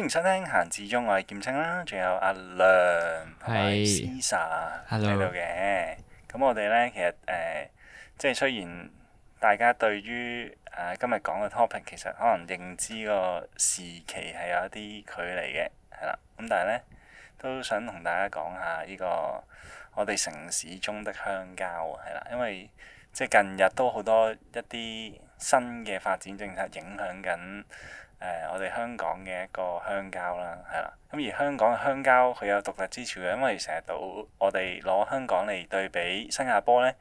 歡迎餐廳閒置中，我係劍青啦，仲有阿亮同埋 Cisa 喺度嘅。咁我哋咧，其實誒、呃，即係雖然大家對於誒、呃、今日講嘅 topic 其實可能認知個時期係有一啲距離嘅，係啦。咁但係咧，都想同大家講下呢個我哋城市中的鄉郊啊，係啦，因為即係近日都好多一啲新嘅發展政策影響緊。誒、呃，我哋香港嘅一個鄉郊啦，係啦，咁而香港嘅鄉郊佢有獨特之處嘅，因為成日到我哋攞香港嚟對比新加坡咧，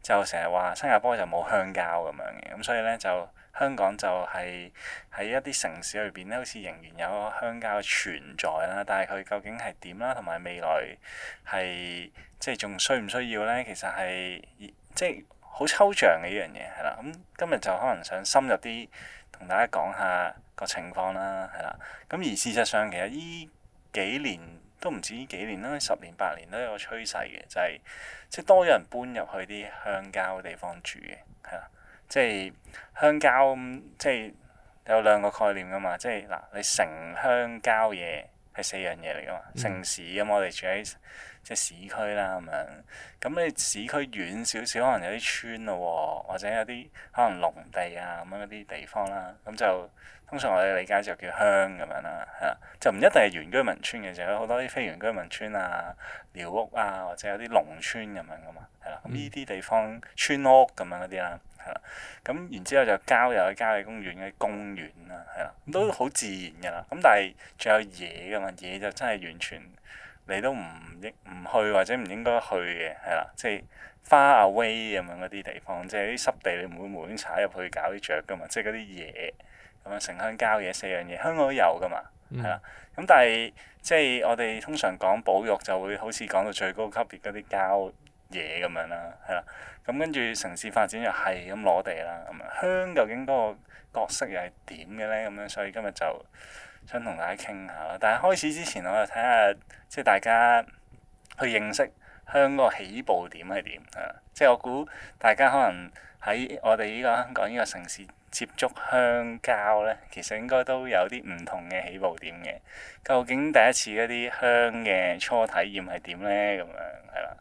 就成日話新加坡就冇鄉郊咁樣嘅，咁所以咧就香港就係、是、喺一啲城市裏邊咧，好似仍然有鄉郊嘅存在啦，但係佢究竟係點啦，同埋未來係即係仲需唔需要咧？其實係即係好抽象嘅呢樣嘢係啦，咁今日就可能想深入啲同大家講下。個情況啦，係啦，咁而事實上其實依幾年都唔止依幾年啦，十年八年都有個趨勢嘅，就係、是、即係多咗人搬入去啲鄉郊嘅地方住嘅，係啦，即係鄉郊即係有兩個概念㗎嘛，即係嗱，你城鄉郊野。係四樣嘢嚟噶嘛，城市咁我哋住喺即係市區啦咁樣，咁你市區遠少少可能有啲村咯喎，或者有啲可能農地啊咁樣嗰啲地方啦，咁就通常我哋理解就叫鄉咁樣啦，係啦，就唔一定係原居民村嘅，就有好多啲非原居民村啊、寮屋啊，或者有啲農村咁樣噶嘛，係啦，咁呢啲地方村屋咁樣嗰啲啦。係啦，咁、嗯、然之後就郊又有郊野公園嘅公園啦，係啦，都好自然㗎啦。咁但係仲有嘢㗎嘛，嘢就真係完全你都唔應唔去或者唔應該去嘅，係啦，即係花 away 咁樣嗰啲地方，即係啲濕地，你唔滿滿踩入去搞啲雀㗎嘛，即係嗰啲嘢，咁樣城鄉郊野四樣嘢，香港都有㗎嘛，係啦。咁、嗯、但係即係我哋通常講保育就會好似講到最高級別嗰啲郊。嘢咁樣啦，係啦，咁跟住城市發展又係咁攞地啦，咁鄉究竟嗰個角色又係點嘅咧？咁樣所以今日就想同大家傾下啦。但係開始之前，我就睇下即係大家去認識鄉嗰個起步點係點啊？即係我估大家可能喺我哋依個香港呢個城市接觸鄉郊咧，其實應該都有啲唔同嘅起步點嘅。究竟第一次一啲鄉嘅初體驗係點咧？咁樣係啦。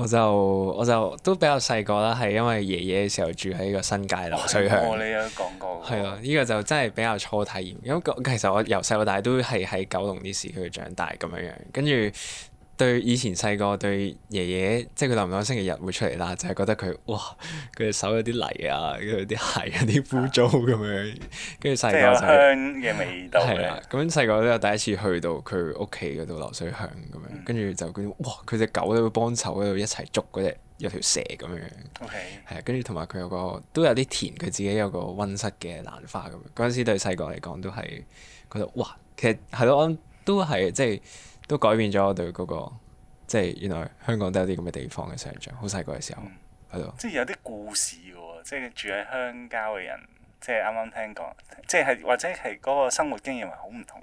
我就我就都比較細個啦，係因為爺爺嘅時候住喺個新界流水鄉。我你有講過。係、呢個就真係比較初體驗，因為其實我由細到大都係喺九龍啲市區長大咁樣樣，跟住。對以前細個對爺爺，即係佢諗唔到星期日會出嚟啦，就係、是、覺得佢，哇！佢隻手有啲泥啊，佢啲鞋有啲污糟咁樣，跟住細個就係、是、香嘅味道、啊。啦、嗯，咁樣細個都有第一次去到佢屋企嗰度流水香咁樣，跟住、嗯、就嗰啲，哇！佢隻狗咧會幫手喺度一齊捉嗰隻有條蛇咁樣。OK。係啊，跟住同埋佢有個都有啲田，佢自己有個溫室嘅蘭花咁。嗰陣時對細個嚟講都係覺得哇，其實係咯，都係即係。都改變咗我對嗰、嗰個，即係原來香港都有啲咁嘅地方嘅想像。好細個嘅時候喺度、嗯，即係有啲故事嘅喎，即係住喺鄉郊嘅人，即係啱啱聽講，即係或者係嗰個生活經驗係好唔同。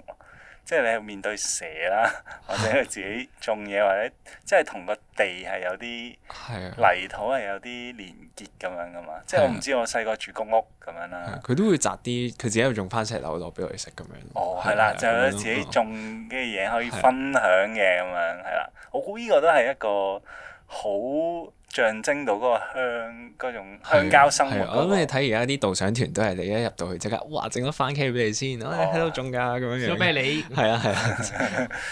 即係你係面對蛇啦，或者佢自己種嘢， 或者即係同個地係有啲泥土係 有啲連結咁樣㗎嘛。即係我唔知我細個住公屋咁樣、 哦、啦。佢都會摘啲，佢自己又種番石榴落俾我哋食咁樣。哦，係啦，就有得自己種嘅嘢可以分享嘅咁樣，係 啦。我估呢個都係一個。好象徵到嗰個鄉，嗰種鄉郊生活。我諗你睇而家啲導賞團都係你一入到去即刻，哇！整咗番茄俾你先，睇、哦哎、到種㗎咁的樣。寫咩你，係啊係，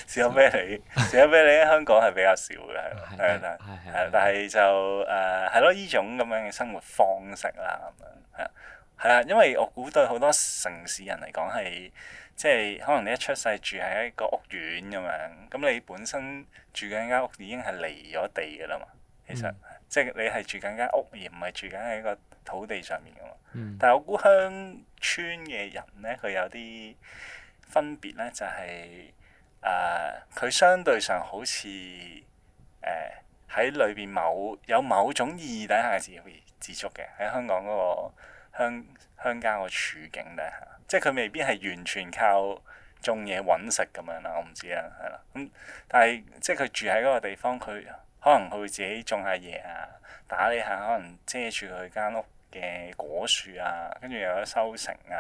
試咗啤梨，試咗啤梨喺香港係比較少嘅，係啊，係啊，的但係就誒係咯，呢、uh, 種咁樣嘅生活方式啦，咁樣係啊，係啊，因為我估對好多城市人嚟講係。即係可能你一出世住喺一個屋苑咁樣，咁你本身住緊間屋已經係離咗地嘅啦嘛。其實、嗯、即係你係住緊間屋而唔係住緊喺個土地上面嘅嘛。嗯、但係我估鄉村嘅人咧，佢有啲分別咧，就係誒佢相對上好似誒喺裏邊某有某種意義底下嘅自自足嘅喺香港嗰個鄉鄉間個處境底下。即係佢未必係完全靠種嘢揾食咁樣啦，我唔知啊，係啦。咁但係即係佢住喺嗰個地方，佢可能佢會自己種下嘢啊，打理下可能遮住佢間屋嘅果樹啊，跟住又有收成啊，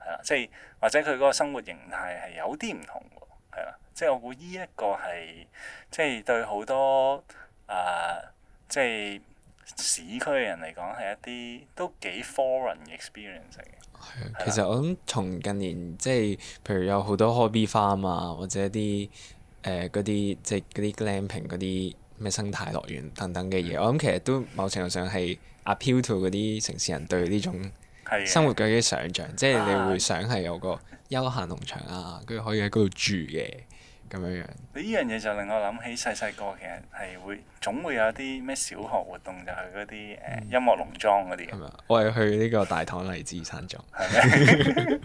係啦。即係或者佢嗰個生活形態係有啲唔同嘅，係啦。即係我估呢一個係即係對好多啊、呃、即係市區嘅人嚟講係一啲都幾 foreign experience 嚟嘅。係啊，其實我諗從近年即係，譬如有好多 hobby farm 啊，或者啲誒嗰啲即係嗰啲 glamping 嗰啲咩生態樂園等等嘅嘢，的我諗其實都某程度上係 appeal to 嗰啲城市人對呢種生活嘅啲想像，的即係你會想係有個休閒農場啊，跟住可以喺嗰度住嘅。咁樣樣，你呢樣嘢就令我諗起細細個其實係會總會有啲咩小學活動，就係嗰啲誒音樂農莊嗰啲嘅。我係去呢個大棠荔枝山莊，係咩？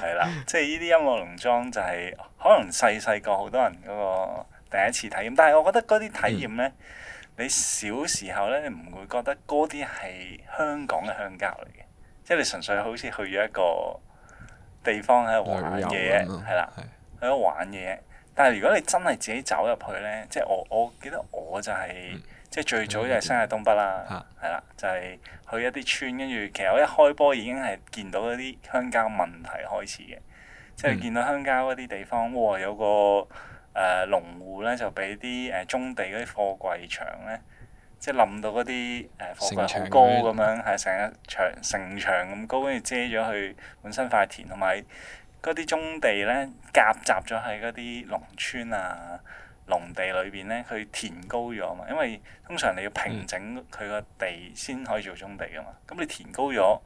係啦，即係呢啲音樂農莊就係、是、可能細細個好多人嗰個第一次體驗，但係我覺得嗰啲體驗咧，嗯、你小時候咧你唔會覺得嗰啲係香港嘅鄉郊嚟嘅，即係你純粹好似去咗一個地方喺度玩嘢，係啦，喺度玩嘢。對對但係如果你真係自己走入去呢，即係我我記得我就係、是嗯、即係最早就係先喺東北啦，係啦、啊，就係、是、去一啲村，跟住其實我一開波已經係見到一啲鄉郊問題開始嘅，即係見到鄉郊嗰啲地方，哇、嗯哦、有個誒農戶呢，就俾啲誒棕地嗰啲貨櫃場呢，即係冧到嗰啲誒貨櫃好高咁樣，係成一場城牆咁高，跟住遮咗佢本身塊田同埋。嗰啲棕地咧，夾雜咗喺嗰啲農村啊、農地裏邊咧，佢填高咗嘛，因為通常你要平整佢個地先可以做棕地噶嘛，咁你填高咗，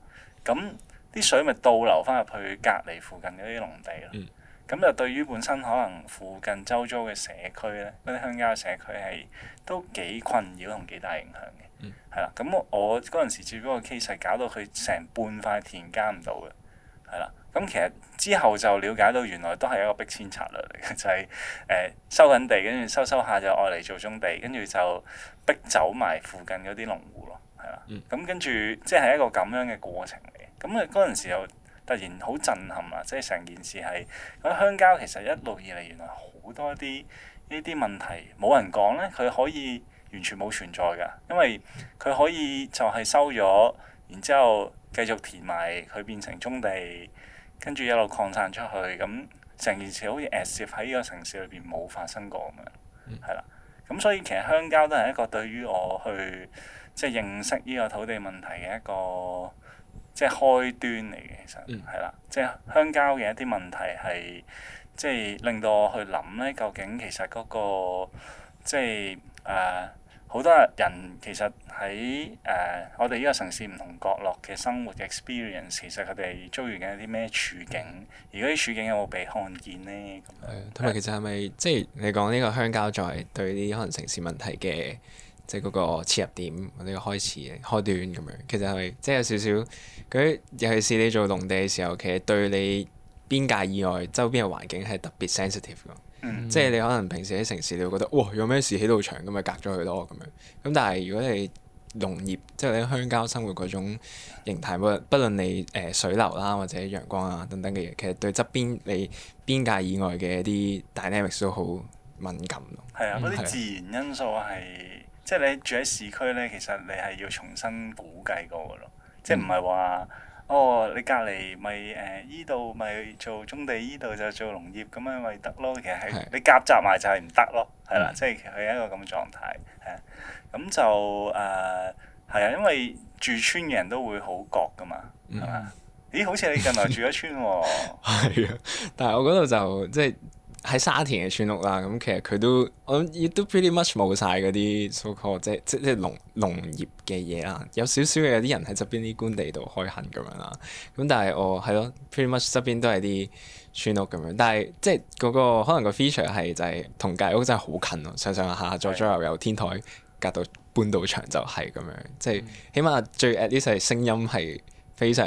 咁啲水咪倒流翻入去隔離附近嗰啲農地咯。咁、嗯、就對於本身可能附近周遭嘅社區咧，嗰啲鄉郊社區係都幾困擾同幾大影響嘅。係啦、嗯，咁我嗰陣時接嗰個 case 搞到佢成半塊田耕唔到嘅，係啦。咁其實之後就了解到原來都係一個逼遷策略嚟嘅，就係、是、誒收緊地，跟住收收下就愛嚟做棕地，跟住就逼走埋附近嗰啲農戶咯，係啦。咁跟住即係一個咁樣嘅過程嚟。咁啊嗰陣時又突然好震撼啦，即係成件事係喺鄉郊其實一路以嚟原來好多啲呢啲問題冇人講咧，佢可以完全冇存在㗎，因為佢可以就係收咗，然之後繼續填埋佢變成棕地。跟住一路擴散出去，咁成件事好似誒，蝕喺呢個城市裏邊冇發生過咁樣，係啦。咁所以其實鄉郊都係一個對於我去即係、就是、認識呢個土地問題嘅一個即係、就是、開端嚟嘅，其實係啦。即、就、係、是、鄉郊嘅一啲問題係即係令到我去諗咧，究竟其實嗰、那個即係誒。就是呃好多人其實喺誒、uh, 我哋呢個城市唔同角落嘅生活嘅 experience，其實佢哋遭遇緊啲咩處境？而家啲處境有冇被看見呢？同埋、嗯、 其實係咪即係你講呢個鄉郊在對呢啲可能城市問題嘅即係嗰個切入點或者個開始開端咁樣？其實係咪即係有少少啲，尤其是你做農地嘅時候，其實對你邊界以外周邊嘅環境係特別 sensitive 㗎。嗯、即係你可能平時喺城市，你會覺得哇有咩事起到牆咁咪隔咗佢咯咁樣。咁但係如果你農業，即係你喺鄉郊生活嗰種形態，不論不論你誒、呃、水流啦或者陽光啊等等嘅嘢，其實對側邊你邊界以外嘅一啲 dynamics 都好敏感咯。係啊，嗰啲自然因素係、啊、即係你住喺市區咧，其實你係要重新估計過嘅咯，嗯、即係唔係話。哦，你隔離咪誒依度咪做棕地，依度就做農業咁樣咪得咯。其實係的你夾雜埋就係唔得咯，係啦，嗯、即係佢係一個咁嘅狀態。誒，咁就誒係啊，因為住村嘅人都會好覺噶嘛，係嘛？嗯、咦，好似你近來住咗村喎。係啊， 但係我嗰度就即係。喺沙田嘅村屋啦，咁、嗯、其實佢都我諗亦都 pretty much 冇晒嗰啲 so called 即即即農農業嘅嘢啦，有少少嘅有啲人喺側邊啲官地度開墾咁樣啦，咁、嗯、但係我係咯 pretty much 側邊都係啲村屋咁樣，但係即嗰、那個可能個 feature 係就係、是、同隔屋真係好近咯、啊，上上下下左左右右天台的隔到半道牆就係咁樣，即、嗯、起碼最，最 at least 係聲音係非常。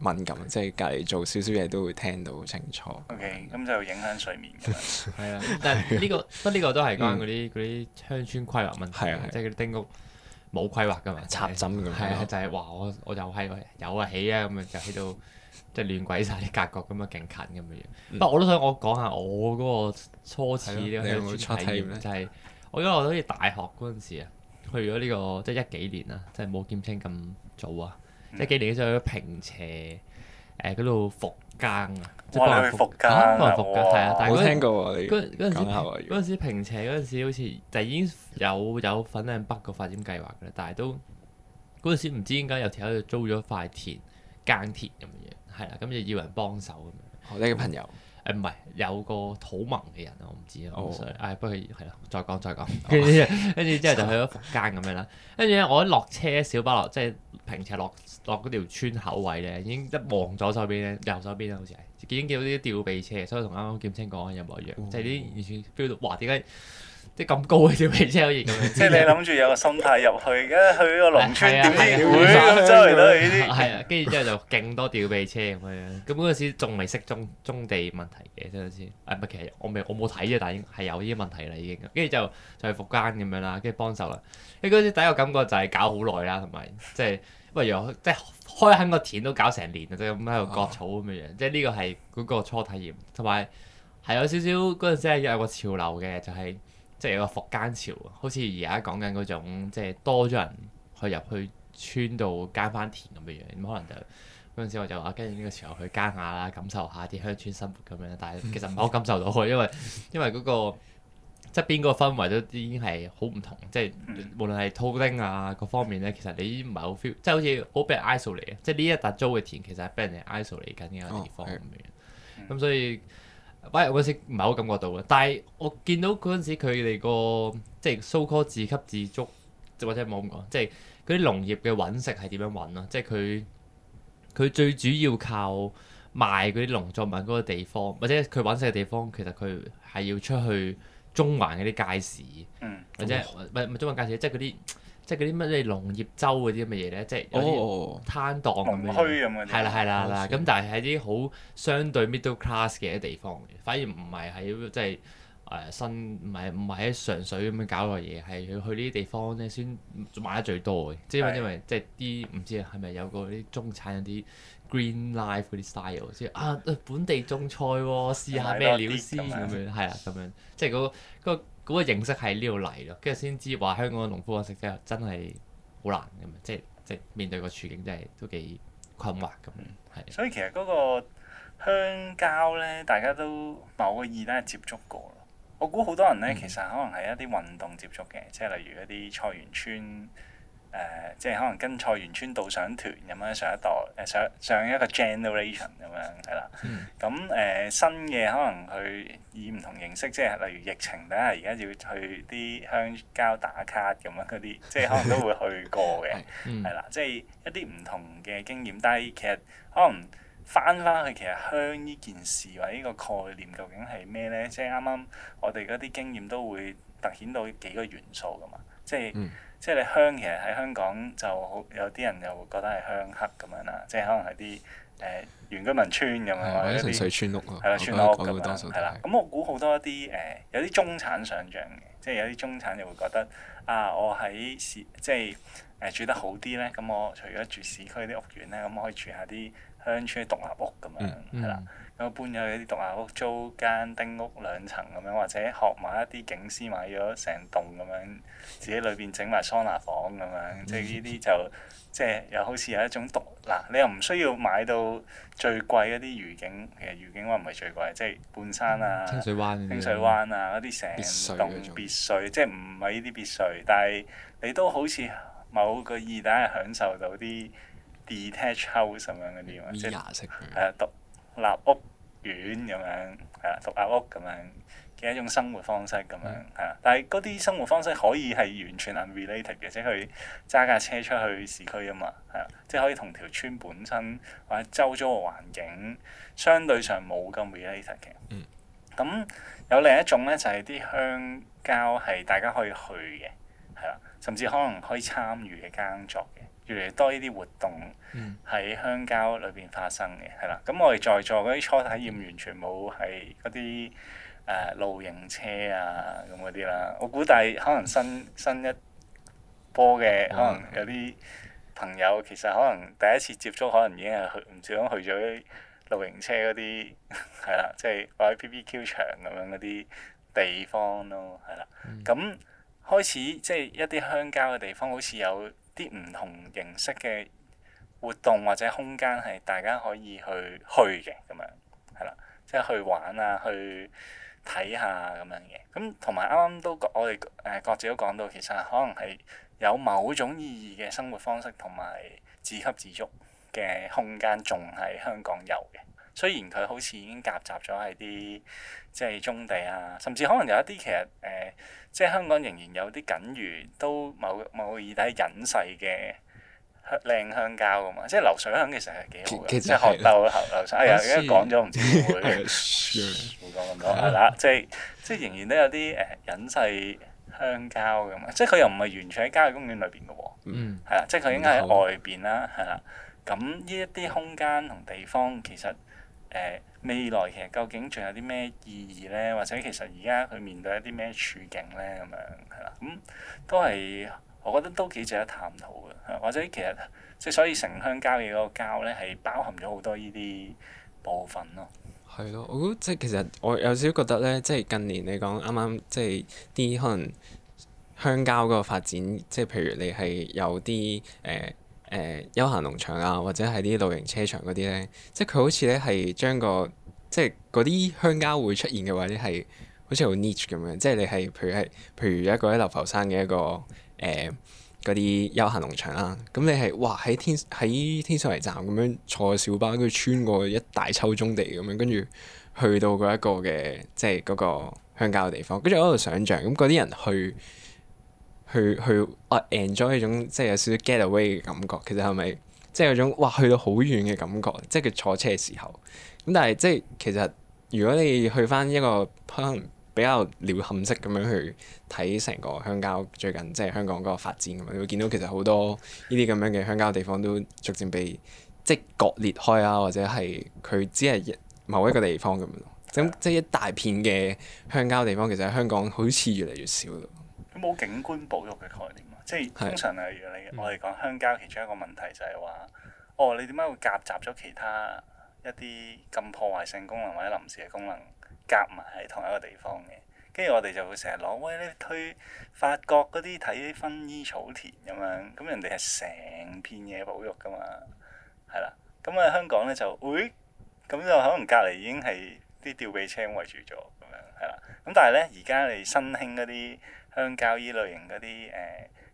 敏感，即係隔離做少少嘢都會聽到好清楚。OK，咁就影響睡眠㗎。係啊，但係呢個不呢個都係關嗰啲啲鄉村規劃問題，即係嗰啲丁屋冇規劃㗎嘛，插針咁樣。係啊，就係話我我又係有啊起啊咁啊，就起到即係亂鬼晒啲格局咁啊，勁近咁嘅樣。不過我都想我講下我嗰個初次呢個鄉村體驗，就係我覺得我好似大學嗰陣時啊，去咗呢個即係一幾年啊，即係冇兼青咁早啊。即係幾年之後，呃、去平斜誒嗰度復耕啊，即係幫人復耕嚇，幫人復耕係啊！但係嗰嗰陣時，嗰陣時，時，時平斜嗰陣時好似就已經有有粉嶺北個發展計劃㗎啦，但係都嗰陣時唔知點解又條友就租咗塊田耕田咁嘅樣，係啦，咁就要人幫手咁樣。好、哦，你嘅朋友。嗯誒唔係有個土盟嘅人啊，我唔知啊，我唔想。誒、哦哎、不過係啦，再講再講。跟住，之後就去咗服間咁樣啦。跟住咧，我一落車小巴落即係平斜落落嗰條村口位咧，已經一望左手邊咧，右手邊啦，好似係已經見到啲吊臂車，所以同啱啱劍青講嘅有冇一樣？即係啲完全 feel 到，哇！點解？即咁高嘅吊臂車好似，即係你諗住有個心態入去，誒去嗰個農村點嚟會咁周圍都呢啲，係啊，跟住之後就勁多吊臂車咁樣。咁嗰陣時仲未識中中地問題嘅，即係先，唔係其實我未我冇睇啊，但係係有呢啲問題啦已經。跟住就就係復耕咁樣啦，跟住幫手啦。你嗰陣時第一個感覺就係搞好耐啦，同埋即係喂又即係開墾個田都搞成年啊，即咁喺度割草咁樣。即係呢個係嗰個初體驗，同埋係有少少嗰陣時係有個潮流嘅，就係。即係有個復耕潮，好似而家講緊嗰種，即係多咗人去入去村度耕翻田咁嘅樣，咁可能就嗰、是、陣時我就話跟住呢個時候去耕下啦，感受下啲鄉村生活咁樣。但係其實唔係好感受到佢，因為因為嗰、那個側邊嗰個氛圍都已經係好唔同，即係無論係套丁啊各方面咧，其實你唔係 fe 好 feel，即係好似好俾人 isolate 嚟嘅，即係呢一笪租嘅田其實係俾人哋 isolate 嚟緊嘅地方咁樣，咁、哦、所以。我嗰時唔係好感覺到嘅，但係我見到嗰陣時佢哋個即係 so-called 自給自足，或者唔好咁講，即係嗰啲農業嘅揾食係點樣揾啊？即係佢佢最主要靠賣嗰啲農作物嗰個地方，或者佢揾食嘅地方，其實佢係要出去中環嗰啲街市，嗯、或者唔係唔係中環街市，即係嗰啲。即係嗰啲乜嘢農業州嗰啲咁嘅嘢咧，即係攤檔咁樣，係啦係啦係啦。咁、啊啊啊啊、但係喺啲好相對 middle class 嘅地方，反而唔係喺即係誒新，唔係唔係喺上水咁樣搞個嘢，係去去呢啲地方咧先買得最多嘅。即係因為因為即係啲唔知係咪有個啲中產啲 green life 嗰啲 style 先啊，本地種菜喎、啊，試下咩料先。咁樣、啊，係啦咁樣，即係嗰個嗰個，那個那個嗰個認識喺呢度嚟咯，跟住先知話香港嘅農夫揾食真係好難咁，即係即係面對個處境真係都幾困惑咁、嗯。所以其實嗰個鄉郊咧，大家都某個意咧接觸過咯。我估好多人咧，嗯、其實可能係一啲運動接觸嘅，即係例如一啲菜園村。誒、呃，即係可能跟菜園村導賞團咁樣，上一代，誒上一、呃、上，上一個 generation 咁樣係啦。咁誒、mm. 嗯、新嘅可能去以唔同形式，即係例如疫情，等下而家要去啲鄉郊打卡咁樣嗰啲，即係可能都會去過嘅，係啦。即係一啲唔同嘅經驗。但係其實可能返返去其實鄉呢件事或者呢個概念究竟係咩咧？Mm. 即係啱啱我哋嗰啲經驗都會突顯到幾個元素噶嘛。即係。Mm. 即係你鄉，其實喺香港就好有啲人就會覺得係鄉黑咁樣啦，即係可能係啲誒原居民村咁樣的或者啲水村屋啊，啦的，村屋咁樣係啦。咁我估好多一啲誒、呃，有啲中產上漲嘅，即係有啲中產就會覺得啊，我喺市即係誒、呃、住得好啲咧，咁我除咗住市區啲屋苑咧，咁我可以住下啲鄉村嘅獨立屋咁樣係啦。嗯搬咗去啲獨立屋，租間丁屋兩層咁樣，或者學埋一啲警司買咗成棟咁樣，自己裏邊整埋桑拿房咁樣，即係呢啲就即係又好似有一種獨嗱，你又唔需要買到最貴嗰啲愉景，其實愉景話唔係最貴，即係半山啊、清水灣、清水灣啊嗰啲成棟別墅，即係唔係呢啲別墅，但係你都好似某個二等係享受到啲 detached house 咁樣嗰啲嘛，即係獨立屋。院咁樣，係啊，獨鴨屋咁樣嘅一種生活方式咁樣，係啊，但係嗰啲生活方式可以係完全 unrelated 嘅，即係佢揸架車出去市區啊嘛，係啊，即係可以同條村本身或者周遭嘅環境相對上冇咁 related 嘅。咁、mm. 有另一種咧，就係、是、啲鄉郊係大家可以去嘅，係啊，甚至可能可以參與嘅耕作嘅。越嚟越多呢啲活動喺鄉郊裏邊發生嘅，係啦、嗯。咁我哋在座嗰啲初體驗完全冇係嗰啲露營車啊咁嗰啲啦。我估計可能新新一波嘅可能有啲朋友其實可能第一次接觸，可能已經係去唔少去咗啲露營車嗰啲係啦，即係 BBQ 場咁樣嗰啲地方咯，係啦。咁、嗯、開始即係、就是、一啲鄉郊嘅地方，好似有啲唔同形式嘅活動或者空間，係大家可以去去嘅咁樣，係啦，即係去玩啊，去睇下咁樣嘅。咁同埋啱啱都我哋誒各自都講到，其實可能係有某種意義嘅生活方式同埋自給自足嘅空間，仲係香港有嘅。雖然佢好似已經夾雜咗喺啲即係棕地啊，甚至可能有一啲其實誒，即係香港仍然有啲僅餘都冇冇耳底隱世嘅香靚鄉郊咁嘛。即係流水響其實係幾好嘅，即係學到流流水。哎呀，而家講咗唔知，唔會講咁多係啦。即係即係仍然都有啲誒隱世鄉郊咁啊！即係佢又唔係完全喺郊野公園裏邊嘅喎。係啦，即係佢應該喺外邊啦。係啦。咁呢一啲空間同地方其實～誒、嗯、未來其實究竟仲有啲咩意義咧？或者其實而家佢面對一啲咩處境咧？咁樣係啦，咁、嗯、都係我覺得都幾值得探討嘅。或者其實即係、就是、所以城鄉郊嘅嗰個郊咧，係包含咗好多呢啲部分咯。係咯，我覺得即係其實我有少少覺得咧，即係近年嚟講啱啱即係啲可能鄉郊嗰個發展，即係譬如你係有啲誒。呃誒、呃、休閒農場啊，或者係啲露營車場嗰啲咧，即係佢好似咧係將個即係嗰啲鄉郊會出現嘅或者係好似好 niche 咁樣，即係你係譬如係譬如一個喺流浮山嘅一個誒嗰啲休閒農場啦、啊，咁你係哇喺天喺天水圍站咁樣坐小巴，跟住穿過一大抽棕地咁樣，跟住去到嗰一個嘅即係嗰個鄉郊嘅地方，跟住我喺度想像咁嗰啲人去。去去，enjoy 呢、啊、種即係有少少 get away 嘅感覺。其實係咪即係有種哇，去到好遠嘅感覺？即係佢坐車嘅時候。咁但係即係其實，如果你去翻一個可能比較鳥瞰式咁樣去睇成個鄉郊最近即係香港嗰個發展咁樣，你會見到其實好多呢啲咁樣嘅鄉郊地方都逐漸被即係割裂開啊，或者係佢只係某一個地方咁樣。咁即係一大片嘅鄉郊地方，其實喺香港好似越嚟越少。咁冇景觀保育嘅概念即係通常例如你我哋講鄉郊，其中一個問題就係話：哦，你點解會夾雜咗其他一啲咁破壞性功能或者臨時嘅功能夾埋喺同一個地方嘅？跟住我哋就會成日攞，威呢推法國嗰啲睇薰衣草田咁樣，咁人哋係成片嘢保育㗎嘛？係啦，咁啊香港咧就喂，咁、哎、就可能隔離已經係啲吊臂車圍住咗咁樣係啦。咁但係咧而家你新興嗰啲。鄉郊依類型嗰啲誒，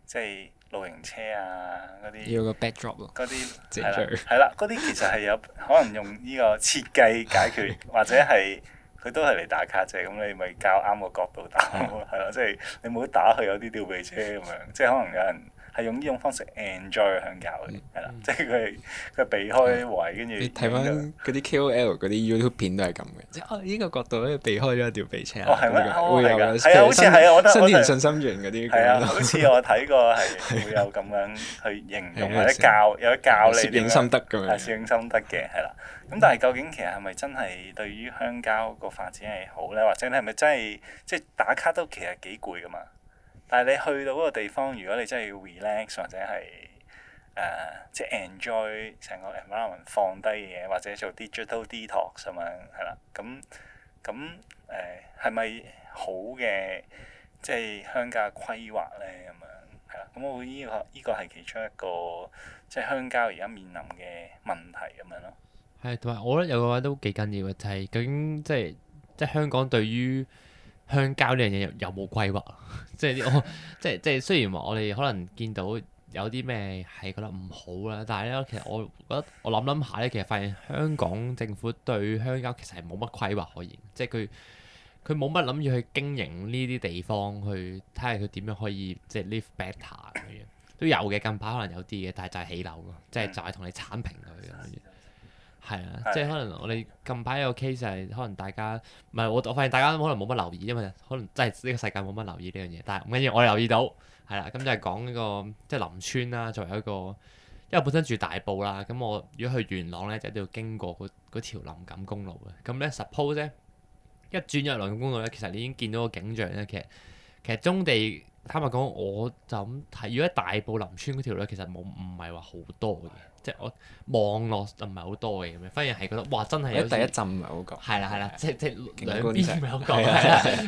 即係露營車啊嗰啲，要個 backdrop 咯些。嗰啲係啦，係啦，嗰啲其實係有 可能用呢個設計解決， 或者係佢都係嚟打卡啫。咁、就是、你咪較啱個角度打，係咯、 就是，即係你冇打佢有啲吊臂車咁樣，即係可能有人。係用呢種方式 enjoy 鄉郊嘅，係啦，即係佢佢避開位，跟住你睇翻嗰啲 KOL 嗰啲 YouTube 片都係咁嘅，即哦呢個角度咧避開咗一條鼻青。哦，係啊，會有係啊，好似係啊，我覺得新田信芯園嗰啲係啊，好似我睇過係會有咁樣去形容或者教有得教你攝影心得咁樣，係攝影心得嘅，係啦。咁但係究竟其實係咪真係對於鄉郊個發展係好咧？或者你係咪真係即係打卡都其實幾攰噶嘛？但係你去到嗰個地方，如果你真係要 relax 或者係誒即係 enjoy 成個 environment 放低嘢，或者做 digital detox 咁樣係啦，咁咁誒係咪好嘅即係鄉郊規劃咧咁樣？係啦，咁我依個依個係其中一個即係鄉郊而家面臨嘅問題咁樣咯。係同埋我覺得有個話都幾緊要嘅，就係究竟即係即係香港對於。香蕉呢樣嘢有冇規劃？ 即係我即係即係雖然話我哋可能見到有啲咩係覺得唔好啦，但係咧其實我覺得我諗諗下咧，其實發現香港政府對鄉郊其實係冇乜規劃可言，即係佢佢冇乜諗住去經營呢啲地方，去睇下佢點樣可以即係 live better 咁樣都有嘅，近排可能有啲嘅，但係就係起樓咯，即係就係同你剷平佢。係啊，的即係可能我哋近排有個 case 就係可能大家唔係我我發現大家可能冇乜留意，因為可能真係呢個世界冇乜留意呢樣嘢。但係唔緊要，我哋留意到係啦。咁就係講呢個即係林村啦，作為一個因為本身住大埔啦，咁我如果去元朗咧，就一定要經過嗰條林錦公路嘅。咁咧，suppose 咧一轉入林錦公路咧，其實你已經見到個景象咧。其實其實中地坦白講，我就咁睇，如果大埔林村嗰條咧，其實冇唔係話好多嘅。即係我望落唔係好多嘅咁樣，反而係覺得哇，真係有第一陣唔係好講。係啦係啦，的即係即係兩邊唔係好講，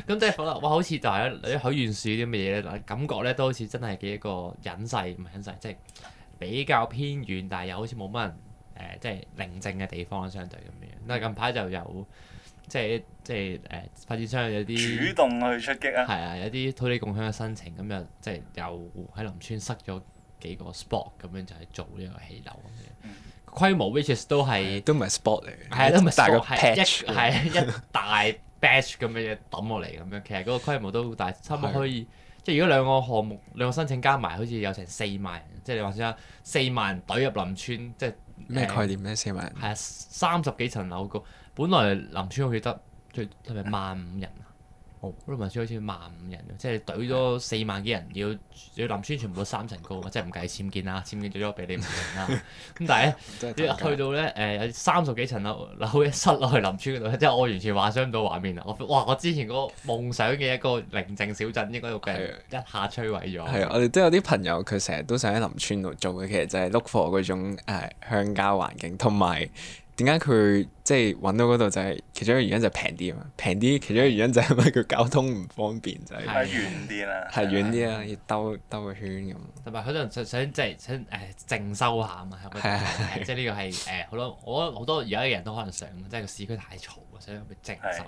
咁即係可能哇，好似就係一啲許願樹啲咁嘅嘢咧，感覺咧都好似真係幾一個隱世，唔係隱世，即係比較偏遠，但係又好似冇乜人誒、呃，即係寧靜嘅地方，相對咁樣。但係近排就有即係即係誒、呃，發展商有啲主動去出擊啊，係啊，有啲土地共享嘅申請，咁又即係又喺林村塞咗。幾個 spot 咁樣就係做呢個起樓，咁樣規模，which is 是都係都唔係 spot 嚟，係都唔係大個 patch，係一大 batch 咁嘅嘢抌落嚟咁樣。其實嗰個規模都好大，差唔多可以，的即係如果兩個項目兩個申請加埋，好似有成四萬人，即係你話先啦，四萬人懟入林村，即係咩概念咧？四萬人係啊，三十幾層樓高，本來林村我記得最係咪萬五人，家人家？哦，林村，oh, 好似萬五人，即係隊咗四萬幾人要要林村全部都三層高啊！即係唔計僭建啦，僭建最多俾你五人啦。咁但係一去到咧，誒三十幾層樓樓一塞落去林村嗰度，即係我完全幻想唔到畫面，我哇！我之前嗰個夢想嘅一個寧靜小鎮，應該都俾人一下摧毀咗。係啊，我哋都有啲朋友佢成日都想喺林村度做嘅，其實就係 look for 嗰種誒鄉郊環境同埋。點解佢即係揾到嗰度就係、是、其中一個原因就係平啲啊！平啲，其中一個原因就係因為佢交通唔方便就係、是。係遠啲啊！係遠啲啊！要兜兜個圈咁。同埋好多人都想即係想誒、呃、靜修下啊嘛，的的即係呢個係誒好多我覺得好多而家嘅人都可能想，即係個市區太嘈，所以佢靜修。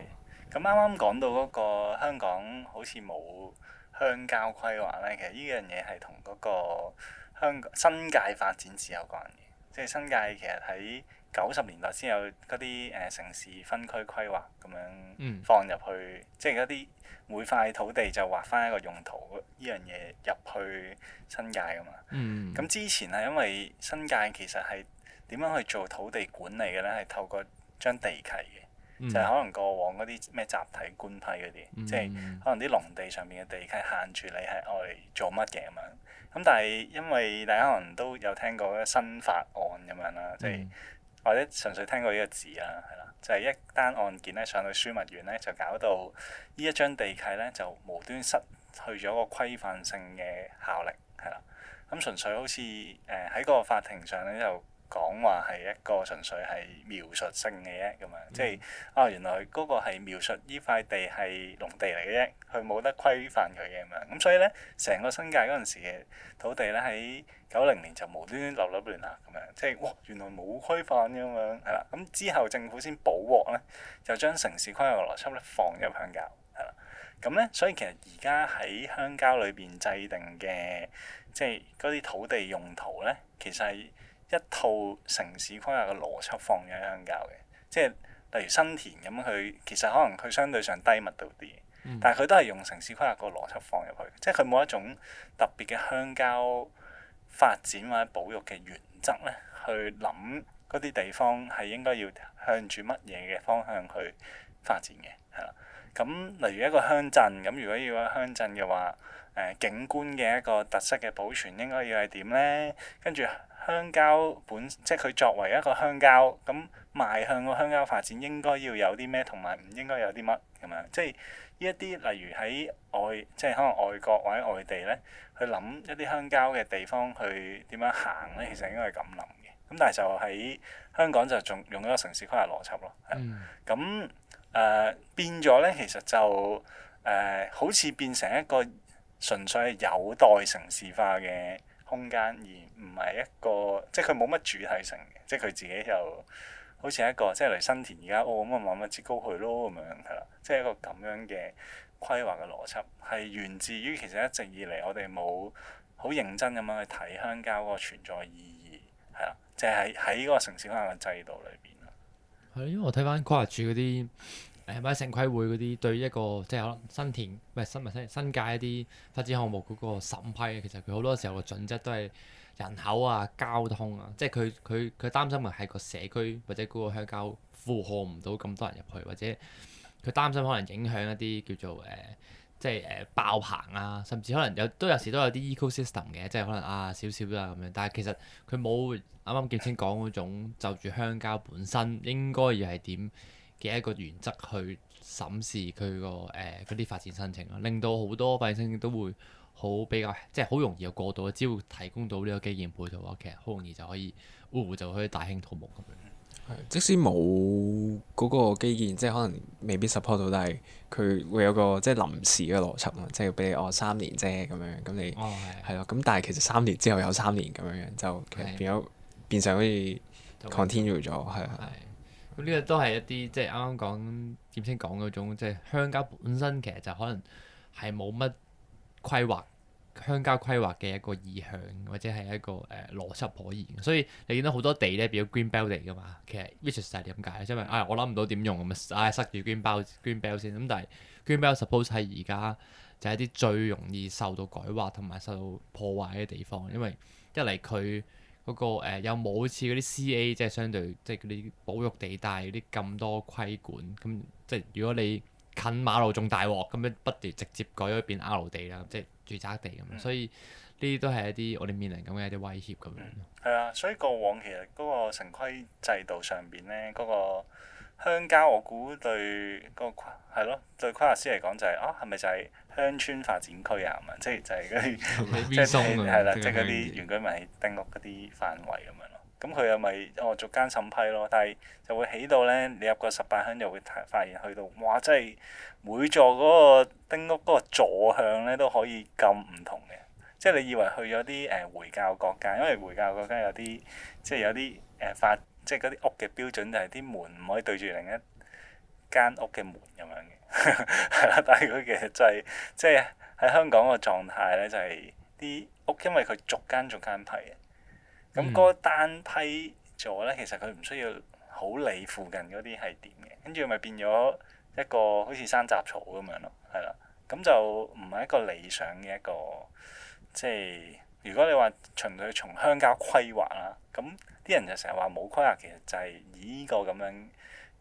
咁啱啱講到嗰個香港好似冇鄉郊規劃咧，其實呢樣嘢係同嗰個香港新界發展史有關嘅，即係新界其實喺。九十年代先有嗰啲誒城市分區規劃咁樣放入去，嗯、即係嗰啲每塊土地就劃翻一個用途，呢樣嘢入去新界啊嘛。咁、嗯、之前係因為新界其實係點樣去做土地管理嘅咧？係透過將地契嘅，嗯、就係可能過往嗰啲咩集體官批嗰啲，即係、嗯、可能啲農地上面嘅地契限住你係愛嚟做乜嘅咁樣。咁但係因為大家可能都有聽過新法案咁樣啦，即、就、係、是嗯。或者純粹聽過呢個字啊，係啦，就係、是、一單案件咧，上到樞密院咧，就搞到呢一張地契咧，就無端失去咗個規範性嘅效力，係啦，咁、嗯、純粹好似誒喺個法庭上咧就～講話係一個純粹係描述性嘅啫，咁、就、啊、是，即係、嗯、啊，原來嗰個係描述呢塊地係農地嚟嘅啫，佢冇得規範佢嘅咁樣。咁所以咧，成個新界嗰陣時嘅土地咧，喺九零年就無端端立立亂啦，咁樣即係哇，原來冇規範咁樣係啦。咁、嗯、之後政府先補鑊咧，就將城市規劃嘅邏輯咧放入鄉郊係啦。咁咧，所以其實而家喺鄉郊裏邊制定嘅，即係嗰啲土地用途咧，其實係，一套城市規劃嘅邏輯放入鄉郊嘅，即係例如新田咁，佢其實可能佢相對上低密度啲，但係佢都係用城市規劃個邏輯放入去，即係佢冇一種特別嘅鄉郊發展或者保育嘅原則咧，去諗嗰啲地方係應該要向住乜嘢嘅方向去發展嘅係啦。咁例如一個鄉鎮咁，如果要喺鄉鎮嘅話，誒、呃、景觀嘅一個特色嘅保存應該要係點咧？跟住。鄉郊本即係佢作為一個鄉郊，咁邁向個鄉郊發展應該要有啲咩，同埋唔應該有啲乜咁樣。即係呢一啲例如喺外，即係可能外國或者外地咧，去諗一啲鄉郊嘅地方去點樣行咧，其實應該係咁諗嘅。咁但係就喺香港就仲用咗個城市規劃邏輯咯。咁誒、嗯呃、變咗咧，其實就誒、呃、好似變成一個純粹係有待城市化嘅空間而唔係一個，即係佢冇乜主題性嘅，即係佢自己又好似一個，即係嚟新田而家哦咁啊，慢慢接高佢咯，咁樣係啦，即係一個咁樣嘅規劃嘅邏輯，係源自於其實一直以嚟我哋冇好認真咁樣去睇鄉郊嗰個存在意義係啦，即係喺呢個城市化嘅制度裏邊啦。係，因為我睇翻規劃署嗰啲。係咪城規會嗰啲對一個即係可能新田唔係新物新，新界一啲發展項目嗰個審批？其實佢好多時候嘅準則都係人口啊、交通啊，即係佢佢佢擔心嘅係個社區或者嗰個鄉郊負荷唔到咁多人入去，或者佢擔心可能影響一啲叫做誒、呃，即係誒、呃、爆棚啊，甚至可能有都有時都有啲 ecosystem 嘅，即係可能啊少少啦咁樣。但係其實佢冇啱啱叫青講嗰種就住鄉郊本身應該要係點？嘅一個原則去審視佢個誒嗰啲發展申請咯，令到好多發展申請都會好比較即係好容易有過度，只要提供到呢個基建配套嘅話，其實好容易就可以，呼就可以大興土木咁樣。係，即使冇嗰個基建，即係可能未必 support 到，但係佢會有個即係臨時嘅邏輯咯，即係俾你哦三年啫咁樣，咁你係咯。咁、哦、但係其實三年之後有三年咁樣樣，就其實變咗的變成好似 continue 咗，係。呢個都係一啲即係啱啱講點先講嗰種，即係鄉郊本身其實就可能係冇乜規劃鄉郊規劃嘅一個意向，或者係一個誒邏輯可言。所以你見到好多地咧變咗 green belt 地㗎嘛，其實 which is 係點解，因為啊、哎，我諗唔到點用咁啊、哎，塞住 green belt green belt 先。咁、嗯、但係 green belt suppose 係而家就係一啲最容易受到改劃同埋受到破壞嘅地方，因為一嚟佢。嗰、嗰個、呃、又有又冇似嗰啲 CA，即係相對即係嗰啲保育地帶嗰啲咁多規管，咁即係如果你近馬路仲大鑊咁樣不斷直接改咗變 R 地啦，即係住宅地咁，所以呢啲都係一啲我哋面臨咁嘅一啲威脅咁樣。係、嗯、啊，所以過往其實嗰個城規制度上邊咧，嗰、嗰個。鄉郊我估對個係咯，對規劃師嚟講就係、是、啊，係咪就係鄉村發展區啊？咁樣即係就係嗰啲，即係係啦，即係嗰啲原居民係丁屋嗰啲範圍咁樣咯。咁、嗯、佢又咪哦逐間審批咯，但係就會起到咧，你入個十八鄉就會發發現去到，哇！真係每座嗰個丁屋嗰個座向咧都可以咁唔同嘅。即係你以為去咗啲誒回教國家，因為回教國家有啲即係有啲誒發即係嗰啲屋嘅標準就係啲門唔可以對住另一間屋嘅門咁樣嘅，係啦。但係佢嘅就係即係喺香港個狀態咧，就係、是、啲屋因為佢逐間逐間批嘅，咁嗰、嗯、單批咗咧，其實佢唔需要好理附近嗰啲係點嘅，跟住咪變咗一個好似山雜草咁樣咯，係啦。咁就唔係一個理想嘅一個即係。如果你話純粹從鄉郊規劃啦，咁啲人就成日話冇規劃，其實就係以呢個咁樣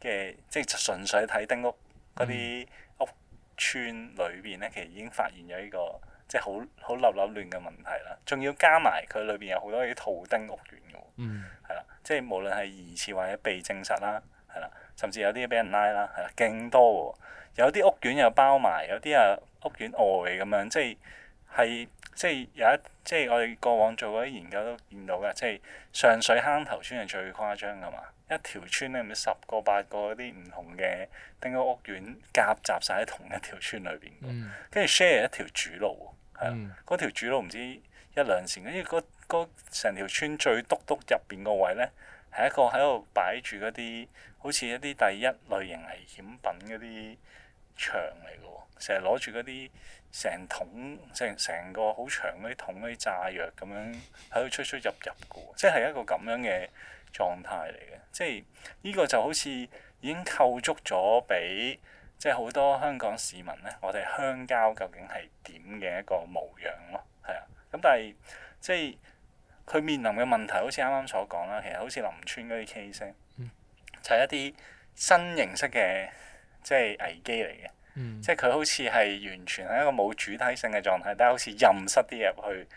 嘅，即係純粹睇丁屋嗰啲屋村裏邊咧，其實已經發現咗呢個即係好好立立亂嘅問題啦。仲要加埋佢裏邊有好多啲套丁屋苑嘅喎，係啦、嗯，即係無論係疑似或者被證實啦，係啦，甚至有啲俾人拉啦，係啦，勁多喎。有啲屋苑又包埋，有啲啊屋苑外咁樣，即係係。即係有一，即係我哋過往做過啲研究都見到嘅，即係上水坑頭村係最誇張嘅嘛。一條村咧唔知十個八個嗰啲唔同嘅丁屋屋苑夾雜晒喺同一條村裏邊，跟住、嗯、share 一條主路，係咯、啊，嗰、嗯、條主路唔知一兩線，跟住嗰成條村最督篤入邊個位咧，係一個喺度擺住嗰啲好似一啲第一類型危險品嗰啲牆嚟嘅。成日攞住嗰啲成桶成成個好長嗰啲桶嗰啲炸藥咁樣喺度出出入入嘅，即係一個咁樣嘅狀態嚟嘅。即係呢個就好似已經構築咗俾即係好多香港市民咧，我哋鄉郊究竟係點嘅一個模樣咯？係啊，咁但係即係佢面臨嘅問題，好似啱啱所講啦，其實好似林村嗰啲 case，就係一啲新形式嘅即係危機嚟嘅。嗯、即係佢好似係完全係一個冇主體性嘅狀態，但係好似任塞啲入去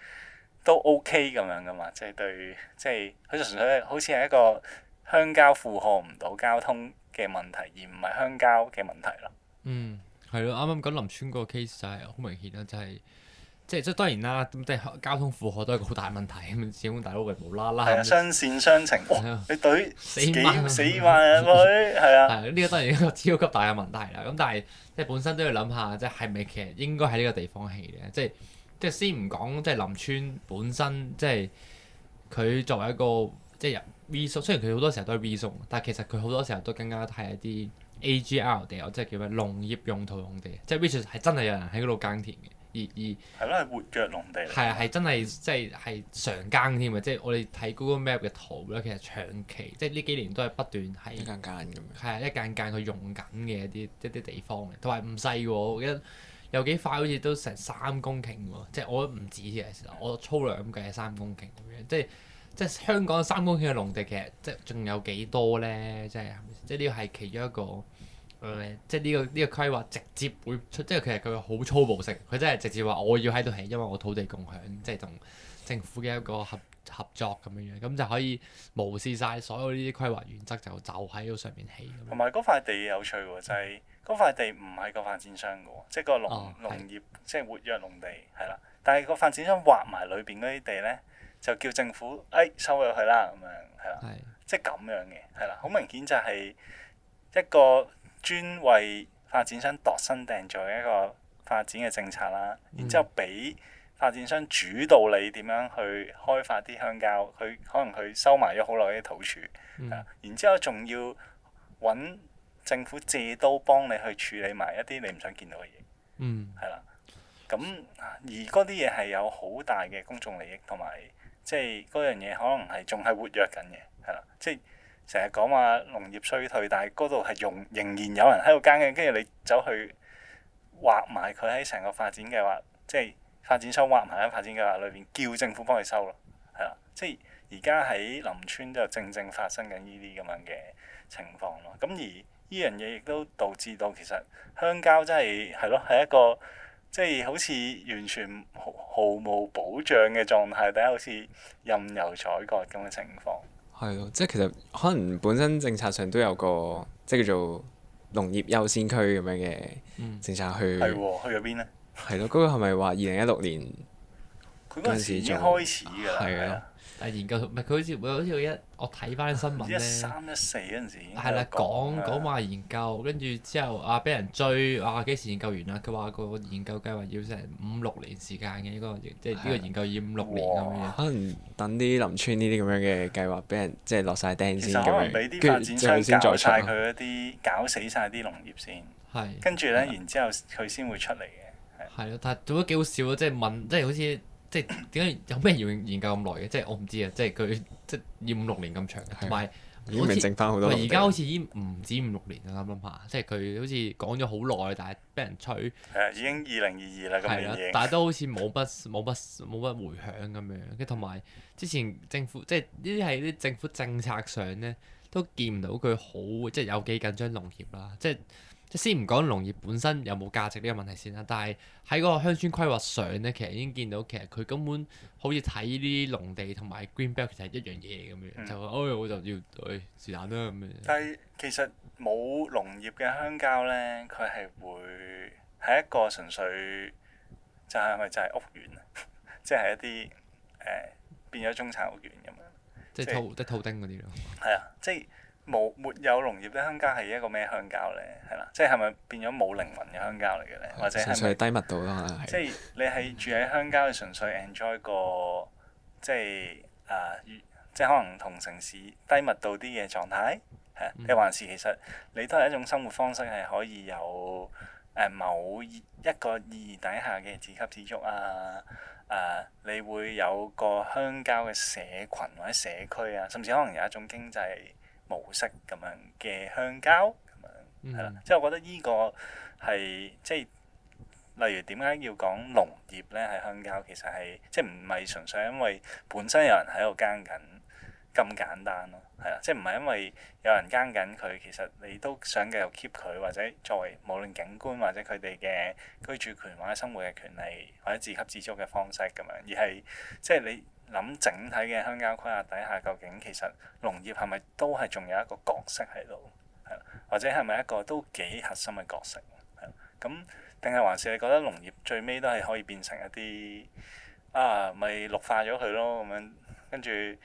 都 OK 咁樣噶嘛？即係對，即係佢純粹係好似係一個鄉郊負荷唔到交通嘅問題，而唔係鄉郊嘅問題咯。嗯，係咯，啱啱講林村個 case 就係好明顯啦，就係。即係即係當然啦，咁即係交通負荷都係一個好大問題。咁市寬大佬，係無啦啦，雙線雙程，哦、你隊死萬死萬隊，係啊，係啊，呢個當然一個超級大嘅問題啦。咁但係即係本身都要諗下，即係咪其實應該喺呢個地方起嘅？即係即係先唔講，即係林村本身即係佢作為一個即係 vso 雖然佢好多時候都係 vso，但係其實佢好多時候都更加係一啲 agr 地，即係叫咩農業用途用地，即係 vso 係真係有人喺嗰度耕田嘅。而而係咯，係的活躍農地嚟。係啊，係真係，即係係常耕添啊！即係我哋睇 Google Map 嘅圖咧，其實長期即係呢幾年都係不斷係一間間咁樣。係啊，一間間佢用緊嘅一啲一啲地方嘅，同埋唔細喎，我記得有幾塊好似都成三公頃喎，即係我都唔止嘅，其實我粗略咁計係三公頃咁樣，即係即係香港三公頃嘅農地其實即係仲有幾多咧？即係即係呢個係其中一個。嗯、即係、呢、呢個呢、呢個規劃直接會出，即係其實佢好粗暴式，佢真係直接話我要喺度起，因為我土地共享，即係同政府嘅一個合合作咁樣樣，咁就可以無視晒所有呢啲規劃原則，就就喺度上面起。同埋嗰塊地有趣喎，就係、係、嗰塊地唔係個發展商嘅喎，即、就、係、係、個農、哦、農業即係、就係、活躍農地係啦，但係個發展商劃埋裏邊嗰啲地呢，就叫政府誒、哎、收咗去啦，咁的樣係啦，即係咁樣嘅係啦，好明顯就係一個。專為發展商度身訂造一個發展嘅政策啦，嗯、然之後俾發展商主導你點樣去開發啲鄉郊，佢可能佢收埋咗好耐啲土處、嗯、然之後仲要揾政府借刀幫你去處理埋一啲你唔想見到嘅嘢，嗯，係啦，咁而嗰啲嘢係有好大嘅公眾利益同埋，即係嗰樣嘢可能係仲係活躍緊嘅，係啦，即係。成日講話農業衰退，但係嗰度係仍仍然有人喺度耕嘅，跟住你走去劃埋佢喺成個發展計劃，即係發展商劃埋喺發展計劃裏邊，叫政府幫佢收咯，係啦。即係而家喺林村就正正發生緊呢啲咁樣嘅情況咯。咁而呢樣嘢亦都導致到其實鄉郊真係係咯係一個即係、就是、好似完全毫毫無保障嘅狀態，等好似任由宰割咁嘅情況。係咯，即係其實可能本身政策上都有個即係叫做農業優先區咁樣嘅政策去。係喎，咯，嗰、嗰個係咪話二零一六年嗰陣時仲開始㗎？係啊了。是係研究，唔係佢好似，好似我一我睇翻新聞咧，三一四嗰陣時，係啦說，講講話研究，跟住之後啊，俾人追啊，幾時研究完啊？佢話個研究計劃要成五六年時間嘅呢個，即係呢個研究要五六年咁哇、嗯、樣。可能等啲林村呢啲咁樣嘅計劃俾人即係落晒釘先咁樣。其實可能俾啲發展商搞曬佢嗰啲，搞死晒啲農業先。係是。跟住咧，的然之後佢先會出嚟嘅。係咯，但係做咗幾好笑即係問，即係好似。即係點解有咩要研究咁耐嘅？即係我唔知啊！即係佢即係要五六年咁長，同埋剩返好多，而家好似已經唔止五六年啦！諗諗下，即係佢好似講咗好耐，但係俾人吹，已經二零二二啦咁嘅嘢。但係都好似冇乜冇乜冇乜回響咁樣。跟同埋之前政府即係呢啲係啲政府政策上咧，都見唔到佢好，即係有幾緊張農業啦，即係。先唔講農業本身有冇價值呢個問題先啦，但係喺嗰個鄉村規劃上咧，其實已經見到其實佢根本好似睇呢啲農地同埋 green belt 其實係一樣嘢咁樣，嗯、就哎我就要哎是但啦咁樣。但係其實冇農業嘅鄉郊咧，佢係會係一個純粹就係、是、咪就係屋苑啊？即 係一啲誒、呃、變咗中產屋苑咁樣是是，即係套即係套丁嗰啲咯。係啊，即係。冇沒，沒有農業嘅鄉郊係一個咩鄉郊咧？係啦，即係係咪變咗冇靈魂嘅鄉郊嚟嘅咧？的或者係咪低密度啦嘛？即係你係住喺鄉郊，你純粹 enjoy 個即係啊，即係可能同城市低密度啲嘅狀態。定、嗯、還是其實你都係一種生活方式，係可以有誒、呃、某一個意義底下嘅自給自足啊。誒、呃，你會有個鄉郊嘅社群或者社區啊，甚至可能有一種經濟。模式咁樣嘅鄉郊咁樣，係啦，嗯、即係我覺得呢個係即係，例如點解要講農業咧？喺鄉郊，其實係即係唔係純粹因為本身有人喺度耕緊咁簡單咯，係啦，即係唔係因為有人耕緊佢，其實你都想繼續 keep 佢，或者作為無論景觀或者佢哋嘅居住權或者生活嘅權利或者自給自足嘅方式咁樣，而係即係你諗整體嘅鄉郊規劃底下，究竟其實農業係咪都係仲有一個角色喺度？係，或者係咪一個都幾核心嘅角色？係，咁定係還是你覺得農業最尾都係可以變成一啲啊，咪、就是、綠化咗佢咯？咁樣跟住誒、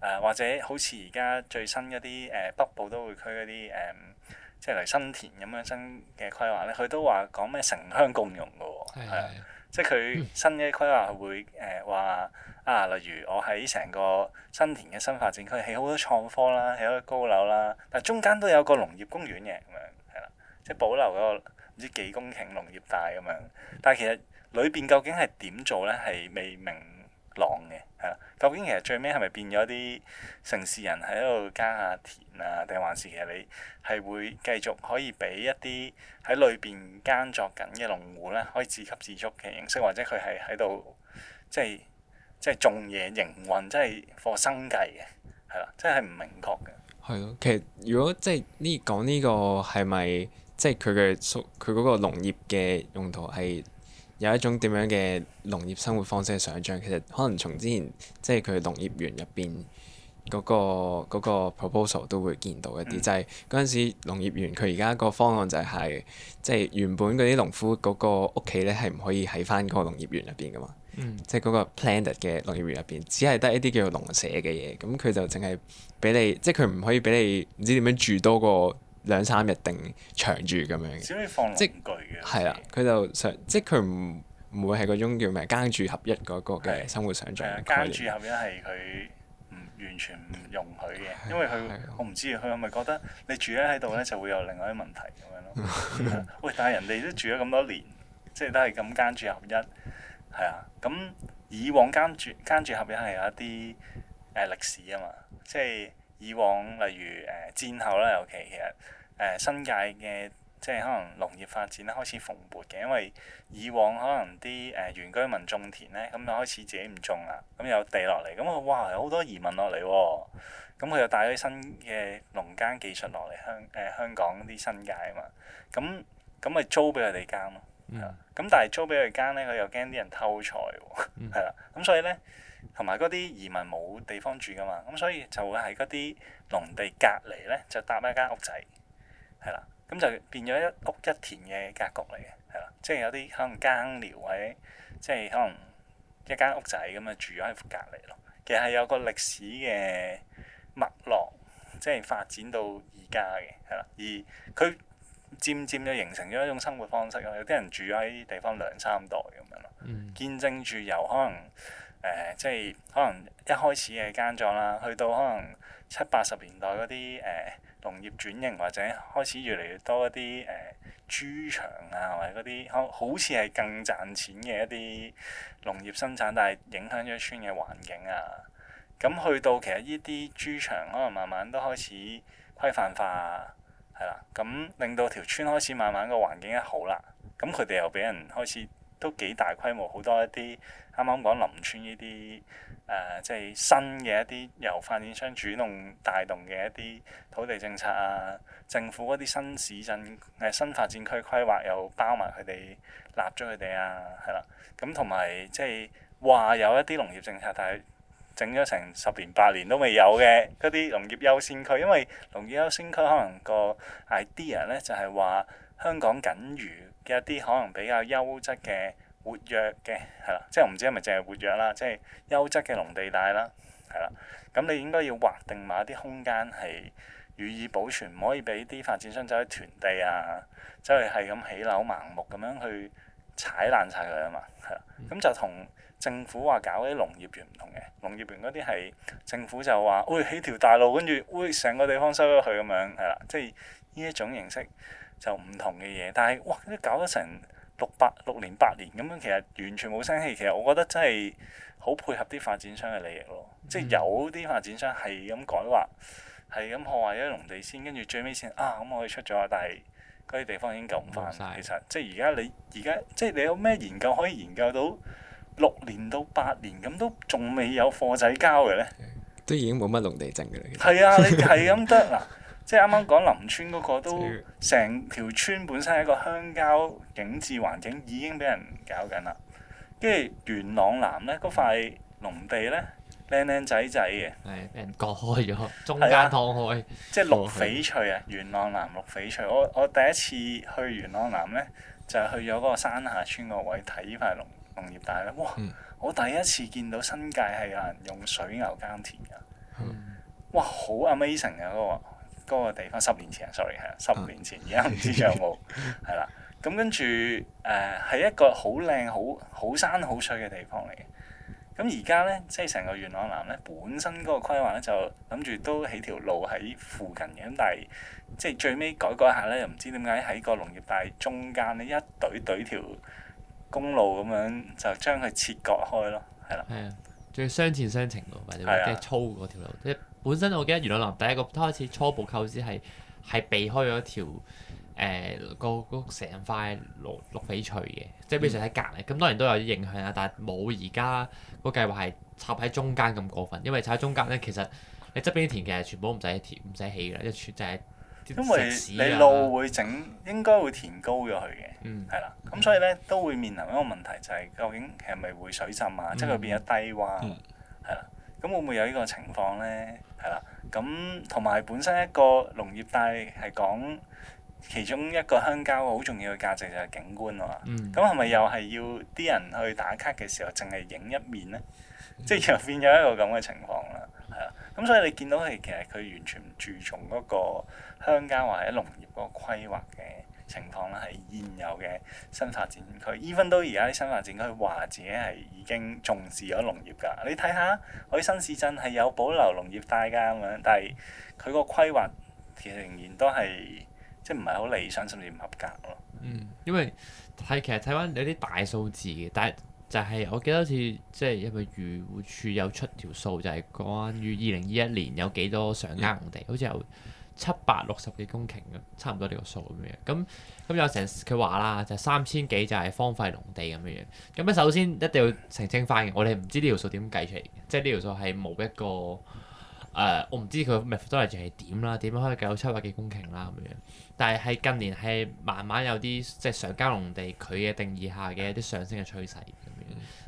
呃，或者好似而家最新一啲誒、呃、北部都會區嗰啲誒，即係嚟新田咁樣的新嘅規劃咧，佢都話講咩城鄉共融嘅喎、哦，啊，的即係佢新嘅規劃係會誒話。呃啊，例如我喺成個新田嘅新發展區起好多創科啦，起好多高樓啦，但中間都有個農業公園嘅，咁樣係啦，即係保留嗰個唔知幾公頃農業帶咁樣。但係其實裏邊究竟係點做咧？係未明朗嘅，係啦。究竟其實最尾係咪變咗啲城市人喺度耕下田啊？定還是其實你係會繼續可以俾一啲喺裏邊耕作緊嘅農戶咧，可以自給自足嘅形式，或者佢係喺度即係？即係種嘢營運，即係貨生計嘅，係啦，真係唔明確嘅。係咯，其實如果即係呢講呢、呢個係咪即係佢嘅佢嗰個農業嘅用途係有一種點樣嘅農業生活方式嘅想像？其實可能從之前即係佢農業園入邊嗰個嗰、嗰個嗰個 proposal 都會見到一啲，嗯、就係嗰陣時農業園佢而家個方案就係即係原本嗰啲農夫嗰個屋企咧係唔可以喺翻嗰個農業園入邊㗎嘛。嗯、即係嗰個 planned 嘅農業入邊，只係得一啲叫做農舍嘅嘢，咁佢就淨係俾你，即係佢唔可以俾你唔知點樣住多過兩三日定長住咁樣。只可以放農具嘅、啊。係啦的，佢的就想，即係佢唔唔會係嗰種叫咩，耕住合一嗰個嘅生活想像。耕住合一係佢完全唔容許嘅，因為佢的我唔知佢係咪覺得你住咧喺度咧就會有另外啲問題咁樣咯。喂， 但係人哋都住咗咁多年，即係都係咁耕住合一。係啊，咁以往耕住耕住合約係有一啲誒、呃、歷史啊嘛，即係以往例如誒、呃、戰後啦，尤、OK，其其實誒、呃、新界嘅即係可能農業發展咧開始蓬勃嘅，因為以往可能啲誒、呃、原居民種田咧，咁就開始自己唔種啦，咁有地落嚟，咁啊哇，好多移民落嚟喎，咁佢又帶咗啲新嘅農耕技術落嚟香誒香港啲、呃、新界啊嘛，咁咁咪租俾佢哋耕咯。係啦，咁、嗯、但係租俾佢間咧，佢又驚啲人偷菜喎，啦、嗯，咁 所以咧，同埋嗰啲移民冇地方住噶嘛，咁所以就會喺嗰啲農地隔離咧，就搭一間屋仔，係啦，咁就變咗一屋一田嘅格局嚟嘅，係啦，即係有啲可能耕寮喎，即、就、係、是、可能一間屋仔咁樣住咗喺隔離咯，其實係有個歷史嘅脈絡，即係發展到而家嘅，係啦，而佢。漸漸就形成咗一種生活方式咯。有啲人住喺地方兩三代咁樣咯，嗯、見證住由可能誒、呃，即係可能一開始嘅耕作啦，去到可能七八十年代嗰啲誒農業轉型，或者開始越嚟越多一啲誒豬場啊，或者嗰啲好好似係更賺錢嘅一啲農業生產，但係影響咗村嘅環境啊。咁去到其實呢啲豬場可能慢慢都開始規範化。係啦，咁、嗯、令到條村開始慢慢個環境一好啦，咁佢哋又俾人開始都幾大規模，好多一啲啱啱講林村呢啲誒，即、呃、係、就是、新嘅一啲由發展商主動帶動嘅一啲土地政策啊，政府嗰啲新市鎮嘅新發展區規劃又包埋佢哋立咗佢哋啊，係啦，咁同埋即係話有一啲農業政策，但係。整咗成十年八年都未有嘅嗰啲農業優先區，因為農業優先區可能個 idea 咧就係話香港僅餘嘅一啲可能比較優質嘅活躍嘅係啦，即係唔知係咪淨係活躍啦，即係優質嘅農地帶啦，係啦。咁你應該要劃定埋一啲空間，係予以保存，唔可以俾啲發展商走去囤地啊，走去係咁起樓盲目咁樣去踩爛晒佢啊嘛，係啦。咁就同。政府話搞啲農業園，唔同嘅農業園嗰啲係政府就話：喂，起條大路，跟住喂，成個地方收咗佢咁樣係啦，即係呢一種形式就唔同嘅嘢。但係哇，搞咗成六百六年八年咁樣，其實完全冇聲氣。其實我覺得真係好配合啲發展商嘅利益咯，嗯、即係有啲發展商係咁改劃，係咁破壞咗農地先，跟住最尾先啊，咁、嗯、我哋出咗，但係嗰啲地方已經救唔翻。了其實即係而家你而家即係你有咩研究可以研究到？六年到八年咁都仲未有貨仔交嘅呢，都已經冇乜農地剩嘅啦。係 啊，你係咁得嗱， 即係啱啱講林村嗰個都成條村本身係一個鄉郊景緻環境，已經俾人搞緊啦。跟住元朗南呢，嗰塊農地呢，靚靚仔仔嘅，係俾人割開咗，中間劏開，即係綠翡翠啊！翠元朗南綠翡翠，我我第一次去元朗南呢，就係去咗嗰個山下村個位睇呢塊農農業帶咧，哇！我第一次見到新界係有人用水牛耕田㗎，嗯、哇！好 amazing 啊嗰、嗰個嗰個地方，十年前 sorry 係十年前，而家唔知有冇係啦。咁跟住誒係一個好靚好好山好水嘅地方嚟嘅。咁而家咧，即係成個元朗南咧，本身嗰個規劃咧就諗住都起條路喺附近嘅，咁但係即係最尾改改改下咧，又唔知點解喺個農業帶中間咧一隊隊條。公路咁樣就將佢切割開咯，係啦。係啊，仲要雙線雙程喎，或者會粗過條路。即本身我記得元朗南第一個開始初步構思係係避開咗條誒、呃那個嗰成塊綠翡翠嘅，即翡翠喺隔籬。咁、嗯、當然都有啲影響啦，但係冇而家個計劃係插喺中間咁過分，因為插喺中間咧，其實你側邊啲田其實全部都唔使填唔使起嘅，一全就係。因為你路會整，應該會填高咗佢嘅，係啦、嗯。咁所以咧都會面臨一個問題，就係、是、究竟係咪會水浸啊？嗯、即係佢變咗低窪、啊，係啦、嗯。咁會唔會有呢個情況咧？係啦。咁同埋本身一個農業帶係講其中一個鄉郊好重要嘅價值就係景觀啊嘛。咁係咪又係要啲人去打卡嘅時候淨係影一面咧？嗯、即係又變咗一個咁嘅情況啦。咁所以你見到係其實佢完全唔注重嗰個鄉郊或者農業嗰個規劃嘅情況啦，係現有嘅新發展區。even 都而家啲新發展區話自己係已經重視咗農業㗎，你睇下我新市鎮係有保留農業帶㗎咁樣，但係佢個規劃其實仍然都係即係唔係好理想，甚至唔合格咯。嗯，因為睇其實睇翻你啲大數字嘅，但係。就係、是、我記得好似即係係咪漁護署有出條數，就係關於二零二一年有幾多上耕地，嗯、好似有七百六十幾公頃嘅，差唔多呢個數咁樣。咁咁有成佢話啦，就是、三千幾就係荒廢農地咁樣。咁咧首先一定要澄清翻嘅，我哋唔知呢條數點計出嚟嘅，即係呢條數係冇一個誒、呃，我唔知佢 methodology 係點啦，點樣可以計到七百幾公頃啦咁樣。但係係近年係慢慢有啲即係上耕農地佢嘅定義下嘅一啲上升嘅趨勢。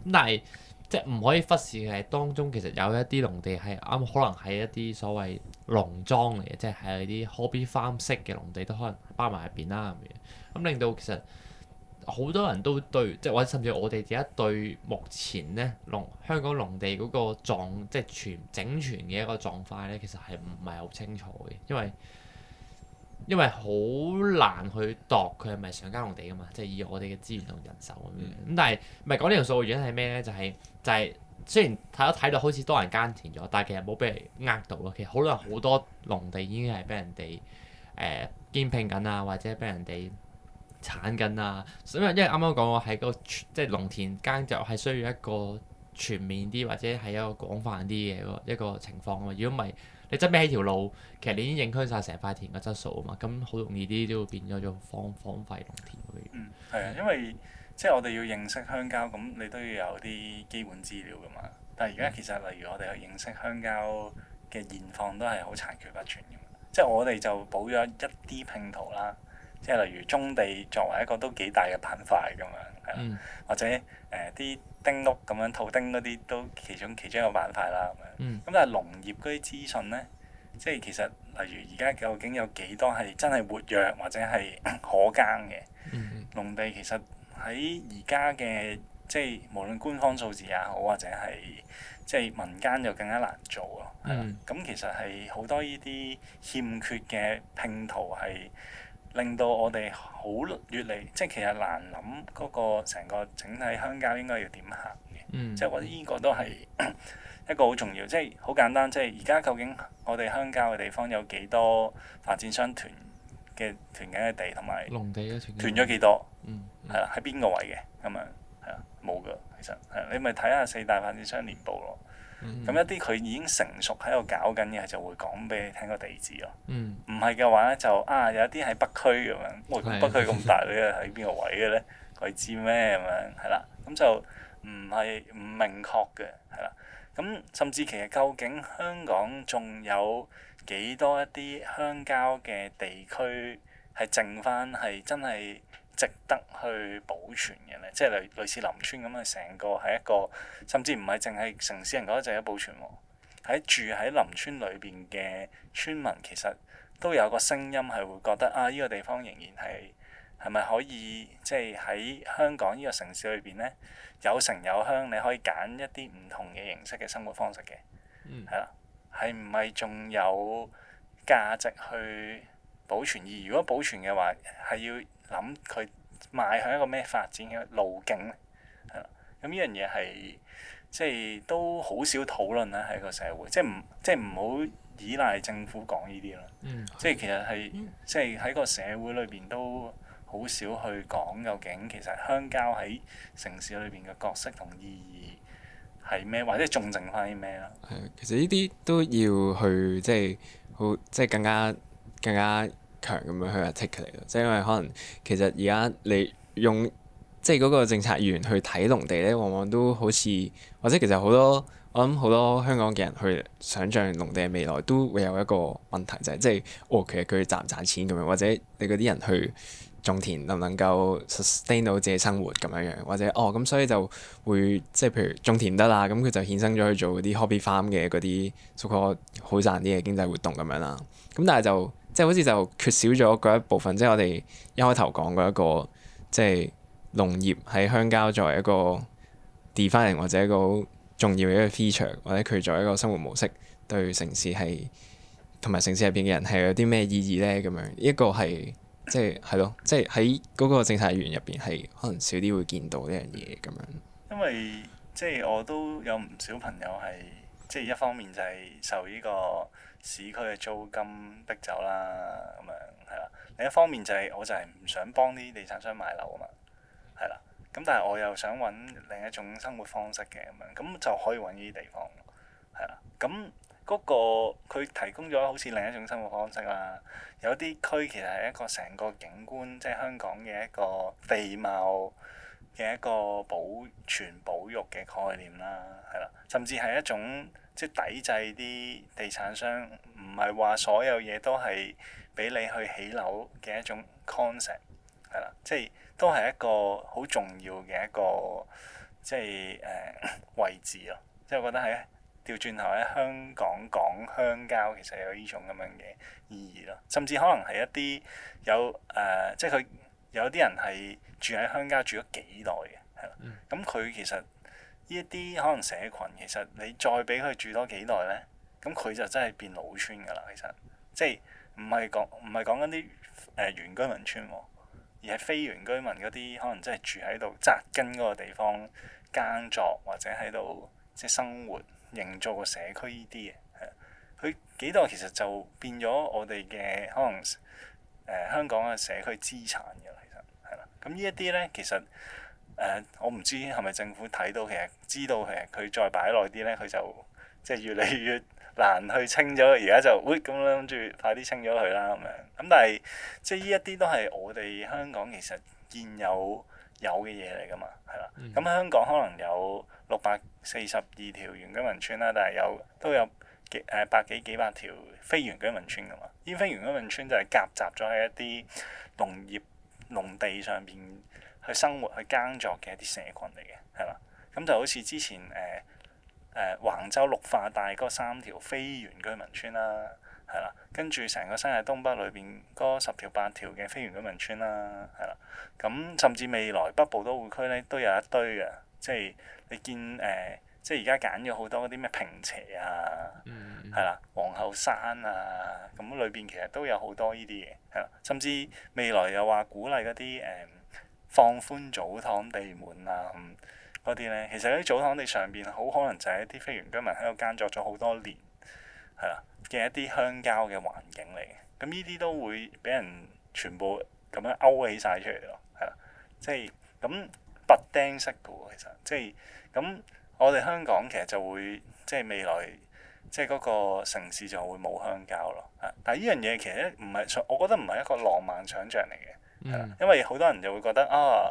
咁但係即係唔可以忽視嘅係，當中其實有一啲農地係啱，可能係一啲所謂農莊嚟嘅，即係係一啲 hobby farm 式嘅農地都可能包埋入邊啦咁樣。咁令到其實好多人都對，即係或者甚至我哋而家對目前咧農香港農地嗰個狀，即係全整全嘅一個狀態咧，其實係唔係好清楚嘅，因為。因為好難去度佢係咪上耕農地噶嘛，即係以我哋嘅資源同人手咁樣。咁、嗯、但係唔係講呢條數嘅原因係咩咧？就係、是、就係、是、雖然睇到睇到好似多人耕田咗，但係其實冇俾人呃到咯。其實好多好多農地已經係俾人哋誒、呃、兼聘緊啊，或者俾人哋鏟緊啊。咁因為啱啱講話喺個即係農田耕田就係需要一個全面啲或者係一個廣泛啲嘅一個情況啊。如果唔係，你執咩起條路，其實你已經影響晒成塊田嘅質素啊嘛，咁好容易啲都會變咗做荒荒廢農田咁，嗯，係啊，因為即係我哋要認識鄉郊，咁你都要有啲基本資料㗎嘛。但係而家其實例如我哋去認識鄉郊嘅現況都係好殘缺不全嘅，即係我哋就補咗一啲拼圖啦。即係例如棕地作為一個都幾大嘅版塊咁樣。Mm hmm. 或者誒啲、呃、丁屋咁樣套丁嗰啲都其中其中一個版塊啦咁樣。咁、mm hmm. 但係農業嗰啲資訊呢，即係其實例如而家究竟有幾多係真係活躍或者係可耕嘅、mm hmm. 農地？其實喺而家嘅即係無論官方數字也好，或者係即係民間就更加難做咯。咁、mm hmm. 嗯、其實係好多呢啲欠缺嘅拼圖係。令到我哋好越嚟，即係其實難諗嗰個成個整體鄉郊應該要點行嘅、嗯，即係我呢個都係一個好重要，即係好簡單，即係而家究竟我哋鄉郊嘅地方有幾多發展商囤嘅囤緊嘅地，同埋農地嘅囤咗幾多嗯？嗯，係啦，喺邊個位嘅咁啊？係啊，冇㗎，其實係你咪睇下四大發展商年報咯。咁、嗯、一啲佢已經成熟喺度搞緊嘅，就會講俾你聽個地址咯。唔係嘅話，就啊有一啲喺北區咁樣，我是的 北區咁大， 你喺邊個位嘅咧？鬼知咩咁樣？係啦，咁就唔係唔明確嘅，係啦。咁甚至其實究竟香港仲有幾多一啲鄉郊嘅地區係剩返係真係，值得去保存嘅咧，即係類類似林村咁嘅成個係一個，甚至唔係淨係城市人覺得值得保存喎。喺住喺林村裏邊嘅村民，其實都有個聲音係會覺得啊，呢個地方仍然係係咪可以即係喺香港呢個城市裏邊呢，有城有鄉，你可以揀一啲唔同嘅形式嘅生活方式嘅，係咯，係唔係仲有價值去保存？而如果保存嘅話，係要。諗佢邁向一個咩發展嘅路徑咧，係啦。咁呢樣嘢係即係都好少討論啦喺個社會，即係唔即係唔好依賴政府講呢啲咯。嗯、即係其實係、嗯、即係喺個社會裏邊都好少去講究竟其實鄉郊喺城市裏邊嘅角色同意義係咩，或者仲剩翻啲咩咯？係、嗯，其實呢啲都要去即係好即係更加更加，更加強咁樣去 take 嚟，即係因為可能其實而家你用即係嗰個政策議員去睇農地咧，往往都好似或者其實好多我諗好多香港嘅人去想像農地嘅未來都會有一個問題就係、是、即係哦，其實佢賺唔賺錢咁樣，或者你嗰啲人去種田能唔能夠 sustain 到自己生活咁樣樣，或者哦咁所以就會即係譬如種田唔得啦，咁佢就衍生咗去做嗰啲 hobby farm 嘅嗰啲所謂好賺啲嘅經濟活動咁樣啦，咁但係就。即係好似就缺少咗嗰一部分，即係我哋一開頭講過一個，即係農業喺鄉郊作為一個 definer 或者一個好重要嘅一個 feature，或者佢作為一個生活模式對城市係同埋城市入邊嘅人係有啲咩意義咧？咁樣一個係即係係咯，即係喺嗰個政策員入邊係可能少啲會見到呢樣嘢咁樣，因為即係、就是、我都有唔少朋友係即係一方面就係受呢、這個。市區嘅租金逼走啦，咁樣係啦。另一方面就係，我就係唔想幫啲地產商買樓啊嘛，係啦。咁但係我又想揾另一種生活方式嘅咁樣，咁就可以揾呢啲地方。係啦，咁嗰個佢提供咗好似另一種生活方式啦。有啲區其實係一個成個景觀，即係香港嘅一個地貌。嘅一個保全保育嘅概念啦，係啦，甚至係一種即係抵制啲地產商，唔係話所有嘢都係俾你去起樓嘅一種 concept，係啦，即係都係一個好重要嘅一個即係誒、呃、位置咯，即係我覺得係調轉頭喺香港講鄉郊其實有呢種咁樣嘅意義咯，甚至可能係一啲有誒、呃，即係佢。有啲人係住喺鄉家住咗幾代嘅，係啦。咁佢其實呢一啲可能社群，其實你再俾佢住多幾代咧，咁佢就真係變老村㗎啦。其實即係唔係講唔係講緊啲誒原居民村，而係非原居民嗰啲可能真係住喺度扎根嗰個地方耕作或者喺度即係生活營造個社區呢啲嘅，係佢幾代，其實就變咗我哋嘅可能誒、呃、香港嘅社區資產嘅。咁呢一啲咧，其實誒、呃，我唔知係咪政府睇到，其實知道其實佢再擺耐啲咧，佢就即係越嚟越難去清咗。而家就會咁諗住快啲清咗佢啦咁樣。咁但係即係呢一啲都係我哋香港其實現有有嘅嘢嚟噶嘛，係啦。咁、嗯、香港可能有六百四十二條原居民村啦，但係有都有幾誒、呃、百幾幾百條非原居民村噶嘛。呢非原居民村就係夾雜咗喺一啲農業。農地上邊去生活去耕作嘅一啲社群嚟嘅，係嘛？咁就好似之前誒誒、呃呃、橫州綠化帶嗰三條非原居民村啦，係啦，跟住成個新界東北裏邊嗰十條八條嘅非原居民村啦，係啦。咁甚至未來北部都會區咧都有一堆嘅，即係你見誒。呃即係而家揀咗好多嗰啲咩平斜啊，係啦、mm hmm. 皇后山啊，咁裏邊其實都有好多呢啲嘢，係啦，甚至未來又話鼓勵嗰啲誒放寬祖堂地門啊咁嗰啲咧，其實嗰啲祖堂地上邊好可能就係一啲非原居民喺度耕作咗好多年，係啦，嘅一啲鄉郊嘅環境嚟嘅，咁呢啲都會俾人全部咁樣勾起晒出嚟咯，係啦，即係咁拔釘式嘅其實即係咁。我哋香港其實就會即係未來，即係嗰個城市就會冇鄉郊咯。但係呢樣嘢其實唔係，我覺得唔係一個浪漫想像嚟嘅。嗯。因為好多人就會覺得啊，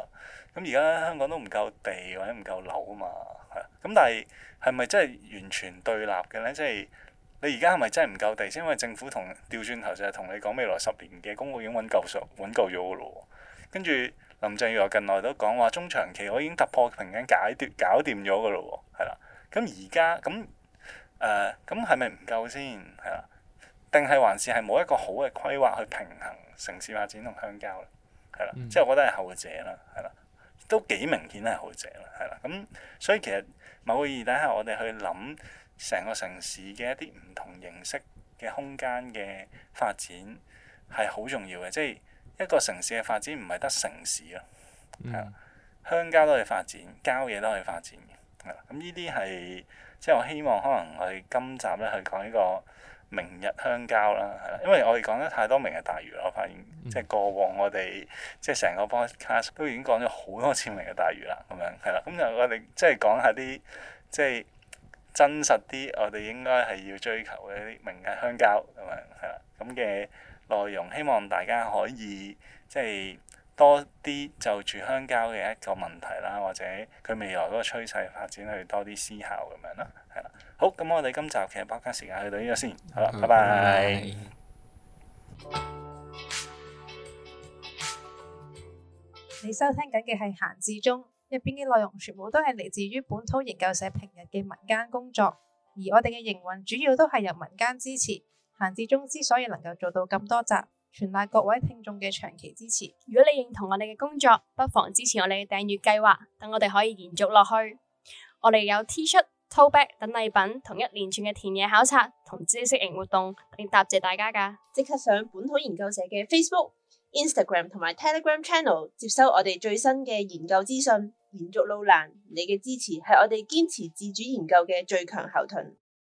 咁而家香港都唔夠地或者唔夠樓啊嘛。係。咁但係係咪真係完全對立嘅呢？即係你而家係咪真係唔夠地先？因為政府同調轉頭就係同你講未來十年嘅公屋已經揾夠熟揾夠咗嘅咯。跟住。林鄭月娥近來都講話，中長期我已經突破瓶頸、解決、搞掂咗㗎咯喎，係啦。咁而家咁誒，咁係咪唔夠先？係啦，定係還是係冇一個好嘅規劃去平衡城市發展同鄉郊咧？係啦，嗯、即係我覺得係後者啦，係啦，都幾明顯係後者啦，係啦。咁、嗯、所以其實某個意義底下我，我哋去諗成個城市嘅一啲唔同形式嘅空間嘅發展係好重要嘅，即係。一個城市嘅發展唔係得城市咯，係啦，鄉郊都可以發展，郊野都可以發展嘅，係啦。咁呢啲係即係我希望可能我哋今集咧去講呢個明日鄉郊啦，係啦。因為我哋講得太多明日大嶼啦，我發現即係過往我哋即係成個 podcast 都已經講咗好多次明日大嶼啦，咁樣係啦。咁就我哋即係講下啲即係真實啲，我哋應該係要追求嘅一啲明日鄉郊咁樣係啦，咁嘅。內容希望大家可以即係多啲就住鄉郊嘅一個問題啦，或者佢未來嗰個趨勢發展去多啲思考咁樣咯，係啦。好，咁我哋今集嘅播客時間去到呢度先，好啦，拜拜。拜拜 你收聽緊嘅係閒置中，入邊嘅內容全部都係嚟自於本土研究社平日嘅民間工作，而我哋嘅營運主要都係由民間支持。閒置中之所以能夠做到咁多集，全賴各位聽眾嘅長期支持。如果你認同我哋嘅工作，不妨支持我哋嘅訂閱計劃，等我哋可以延續落去。我哋有 T 恤、Tote Bag 等禮品，同一連串嘅田野考察同知識型活動，並答謝大家㗎。即刻上本土研究社嘅 Facebook、Instagram 同埋 Telegram Channel 接收我哋最新嘅研究資訊。延續路難，你嘅支持係我哋堅持自主研究嘅最強後盾。